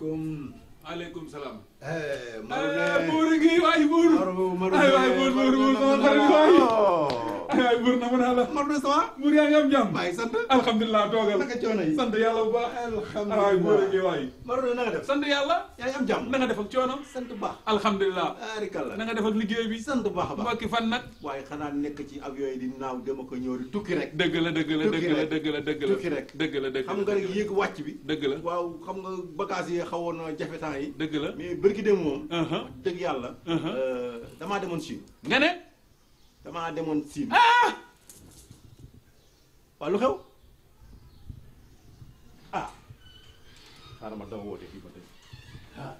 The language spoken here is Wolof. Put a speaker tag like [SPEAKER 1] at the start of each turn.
[SPEAKER 1] maaleykum. maaleykum salaam. Mor ngi waay
[SPEAKER 2] Mor. Mor Mor Mor Mor bur na mën naa la. man de ça. bur yaa ngi am jàmm. maa ngi sant. alhamdulilah toogal. naka coono yi sant yàlla bu baax. alhamdulilah waay góor ak waay. Maodo na nga def. sant yàlla. yaa ngi am jàmm. na def ak coono. sant baax. alhamdulilah. arikalla na nga def ak liggéey bi. sant baax a baax mbokki fan nag. waaye xanaa nekk ci ak yooyu di naaw dama ko ñëw tukki rek. dëgg la dëgg la dëgg la dëgg la dëgg la tukki rek dëgg la dëgg la xam nga rek yéeg wàcc bi. dëgg la
[SPEAKER 3] waaw xam nga bagage yi xawoon na jafe temps yi. dëgg la mais bërki dem moom. Uh-huh. dëgg yàlla. Uh-huh. Euh, damaa demoon Chine. nga ne. damaa demoon Chine. Ah!
[SPEAKER 4] waaw lu xew ah xaaral ma daw woote fii ba tey ah